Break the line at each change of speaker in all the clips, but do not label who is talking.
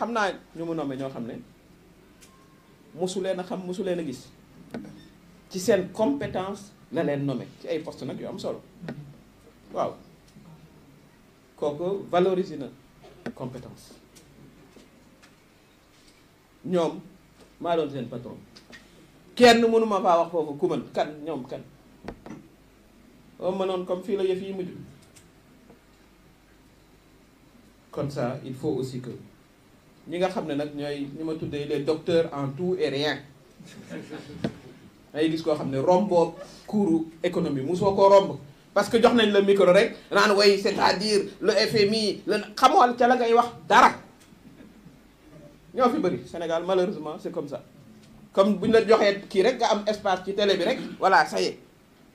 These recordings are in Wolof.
xam naa ñu mu nommé ñoo xam ne mosu leen a xam mosu leen a gis ci seen compétence la leen nommé ci ay post nag yu am solo waaw kooku valoriser na compétence ñoom maa doon seen patron kenn mënu ma faa wax foofu ku mën kan ñoom kan oo mënoon comme fii la yëf yi mujj kon ça il faut aussi que ñi nga xam ne nag ñooy ñu ma tuddee les docteurs en tout et rien ngay gis koo xam ne romboo kuuru économie mu soo koo romb parce que jox nañ la micro rek naan way c'est-à-dire le FMI le xamool ca la ngay wax dara ñoo fi bëri Sénégal malheureusement c'est comme ça comme bu ñu la joxee kii rek nga am espace ci télé bi rek voilà ça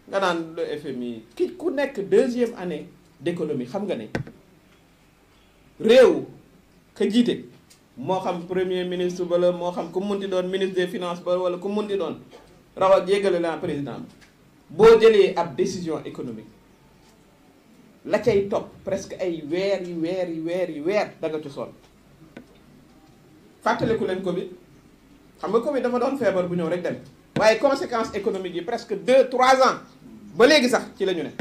nga naan le FMI ki ku nekk deuxième année d'économie xam nga ne réew ka jiite moo xam premier ministre ba la moo xam ku munti doon ministre des finances ba wala ku munti doon rawat yéggale la président boo jëlee ab décision économique la cay topp presque ay weer yi weer yi weer yi weer da nga ci sonn fàttaliku leen Covid xam nga Covid dafa doon feebar bu ñëw rek dem waaye conséquences économiques yi presque deux trois ans ba léegi sax ci la ñu ne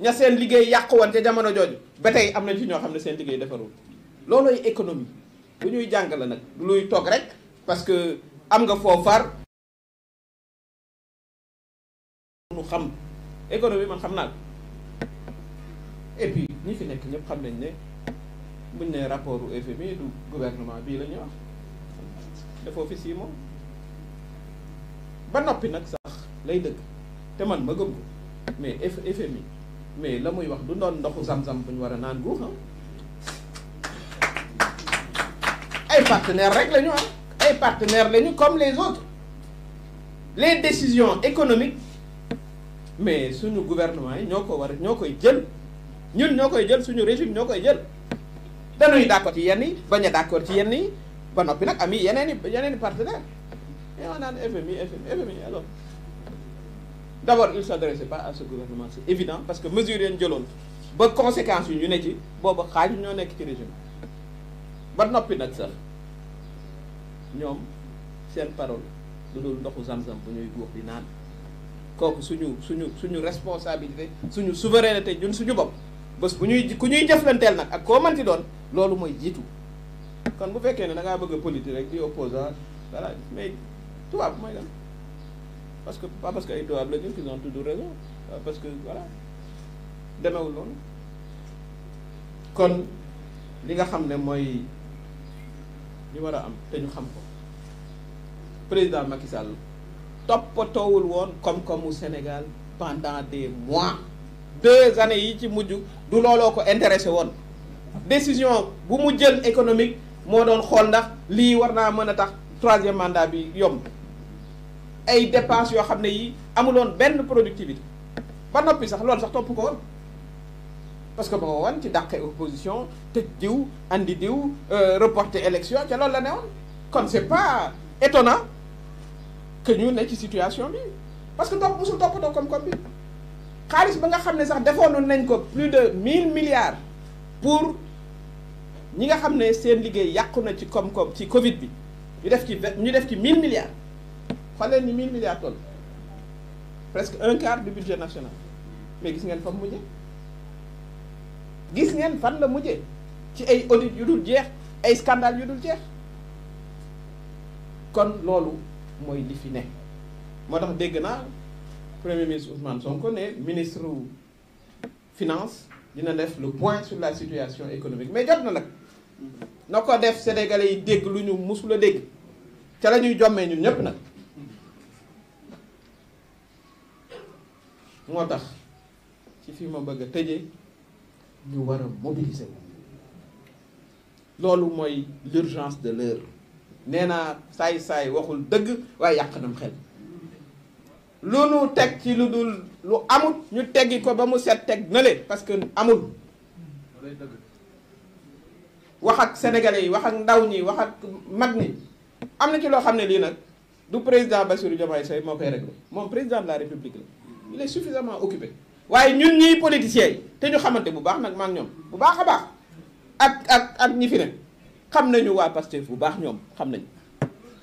ña seen liggéey yàqu woon ca jamono jooju ba tey am nañ ci ñoo xam ne seen liggéey defarul loolooy économie lu ñuy jàng la nag luy toog rek parce que am nga foofaar nu xam économie man xam naa ko et puis ñi fi nekk ñëpp xam nañ ne buñ ne rapport u FMI du gouvernement bii la ñuy wax dafa fi sii moom ba noppi nag sax lay dëgg te man ma gëm ko mais FMI mais la muy wax du ndoxu zam-zam bu ñu war a naan guuxam ah. ay partenaires rek la ñu am ah. ay partenaires la ñu comme les autres les décisions économiques mais suñu gouvernement yi ñoo ko war ñoo koy jël ñun ñoo koy jël suñu régime ñoo koy jël dañuy d'accord ci yenn yi bañ a ci yenn yi ba noppi nag ami yeneen i yeneen i partenaires et on a FMI FMI FMI alors d'abord il s'adressait pas à ce gouvernement c'est évident parce que mesures yi jëloon ba conséquences yu ñu ne ci boobu xaaju ñoo nekk ci régime ba noppi nag sax ñoom seen parole lu dul ndoxu zam-zam bu ñuy góox di naan kooku suñu suñu suñu responsabilité suñu souveraineté ñun suñu bopp bés bu ñuy ku ñuy jëflanteel nag ak koo manti doon loolu mooy jiitu kon bu fekkee ne da bëgg a politique rek di opposant voilà mais tubaab mooy lan parce que pas parce que ay tubaab la ñu ils ont toujours parce que voilà demewul noonu kon li nga xam ne mooy li war a am te ñu xam ko président Macky Sall toppatoowul woon koom-koomu Sénégal pendant des mois deux années yi ci mujj du looloo ko intéressé woon décision bu mu jël économique moo doon xool ndax lii war naa mën a tax troisième mandat bi yomb ay dépenses yoo xam ne yi amuloon benn productivité ba noppi sax loolu sax topp ko woon parce que ba ma wan ci dàqe opposition tëj diw andi diw euh, reporter élection ca loolu la ne woon kon c'est pas étonnant que ñu ne ci situation bi parce que topp su toppatoo koom-koom bi xaalis ba nga xam ne sax defoon nañ ko plus de mille milliards pour ñi nga xam ne seen liggéey yàqu na ci koom-koom ci Covid bi ñu def ci ñu def ci mille milliards xool leen ni mille milliards toll presque un quart du budget national mais gis ngeen fa mu gis ngeen fan la mujjee ci ay audit yu dul jeex ay scandale yu dul jeex kon loolu mooy li fi ne moo tax dégg naa premier ministre Ousmane Sonko ne ministre finance dina def lu point sur la situation économique mais jot na nag na ko def sénégalais yi dégg lu ñu musula dégg ca la ñuy jommee ñun ñépp nag moo tax ci fi ma bëgg a tëjee ñu war a mobiliser loolu mooy l'urgence de l'heure nee naa saay-saay waxul dëgg waaye yàq nam xel lu nu teg ci lu dul lu amut ñu teggi ko ba mu set teg na le parce que amul wax ak sénégalais yi wax ak ndaw ñi wax ak mag ñi am na ci loo xam ne lii nag du président Bassirou Diomaye Faye moo koy réglé moom président de la république la il est suffisamment occupé waaye ñun ñii politiciens yi te ñu xamante bu baax nag maa ñoom bu baax a baax ak ak ak ñi fi ne xam nañu waa Pastef bu baax ñoom xam nañu.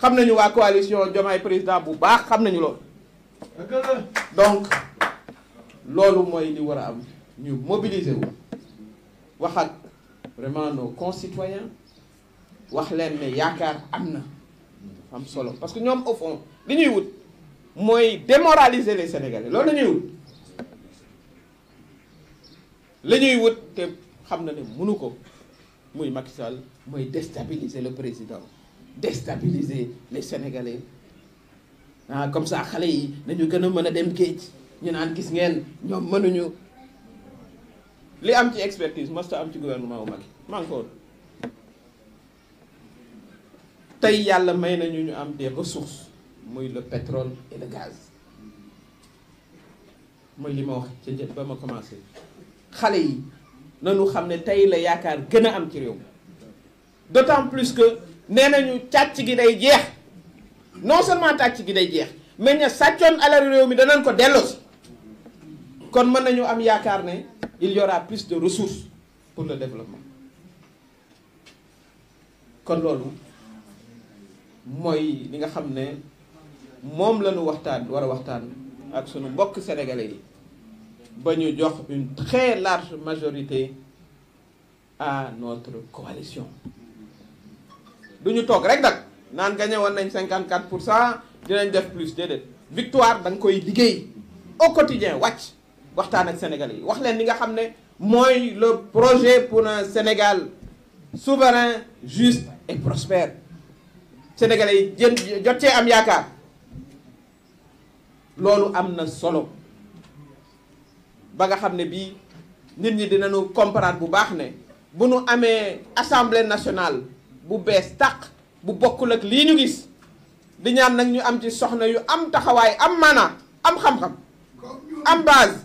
xam nañu waa coalition Diomaye président bu baax xam nañu loolu donc loolu mooy li war a am ñu mobiliser wu wax ak vraiment nos concitoyens wax leen ne yaakaar am na am solo parce que ñoom au fond li ñuy wut mooy démoraliser les Sénégalais loolu la ñuy wut. la ñuy wut te xam na ne mënu ko muy Macky mooy déstabiliser le président déstabiliser les Sénégalais ah comme ça xale yi nañu gën a mën a dem géej ñu naan gis ngeen ñoom mënuñu li am ci expertise masta am ci gouvernement wu Macky maa tey yàlla may nañu ñu am des ressources muy le pétrole et le gaz mooy li ma wax ca njëkk ba ma commencé xale yi na nañu xam ne tey la yaakaar gën a am ci réew mi d'autant plus que nee nañu càcc gi day jeex non seulement càcc gi day jeex mais ña sàccoon alal réew mi danañ ko delloosi kon mën nañu am yaakaar ne il y aura plus de ressources pour le développement kon loolu mooy li nga xam ne moom lanu waxtaan war a waxtaan ak sunu mbokk sénégalais yi ba ñu jox une très large majorité à notre coalition du ñu toog rek nag naan gagné woon nañ 54 pour cent dinañ def plus de déedéet victoire da nga koy liggéey au quotidien wàcc waxtaan ak Sénégalais yi wax leen li nga xam ne mooy le projet pour un Sénégal souverain juste et prospère Sénégalais yi jën jot ce am yaakaar loolu am na solo ba nga xam ne bii nit ñi dinañu comprendre bu baax ne bu nu amee assemblée nationale bu bees tàq bu bokkul ak lii ñu gis di ñaan nag ñu am ci soxna yu am taxawaay am maanaa am xam-xam am base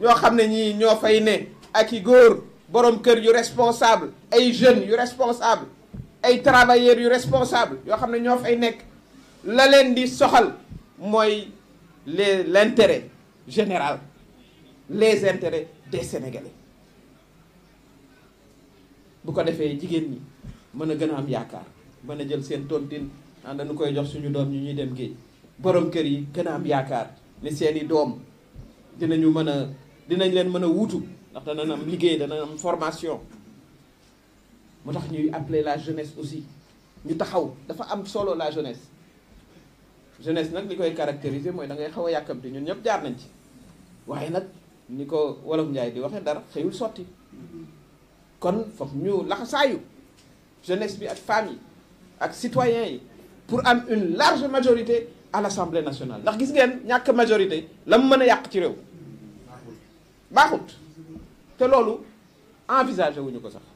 ñoo xam ne ñii ñoo fay ne ak i góor borom kër yu responsable ay jeunes yu responsable ay travailleurs yu responsable yoo xam ne ñoo fay nekk la leen di soxal mooy les l'intérêt général les intérêts des Sénégalais bu ko defee jigéen ñi mën a gën a am yaakaar mën a jël seen tontine ah dañu koy jox suñu doom ñu ñuy dem géej borom kër yi gën a am yaakaar ne seeni doom dinañu mën a dinañ leen mën a wuutu ndax dana am liggéey dana am formation moo tax ñuy appeler la jeunesse aussi ñu taxaw dafa am solo la jeunesse jeunesse nag li koy caractériser mooy da ngay xaw a yàkkamti ñun ñëpp jaar nañ ci waaye nag. ni ko wolof njaay di waxee dara xëyul sotti kon foog ñu laxasaayu jeunesse bi ak femmes yi ak citoyens yi pour am une large majorité à l'Assemblée nationale ndax gis ngeen ñàkk majorité la mu mën a yàq ci réew baaxut te loolu envisagé wuñu ko sax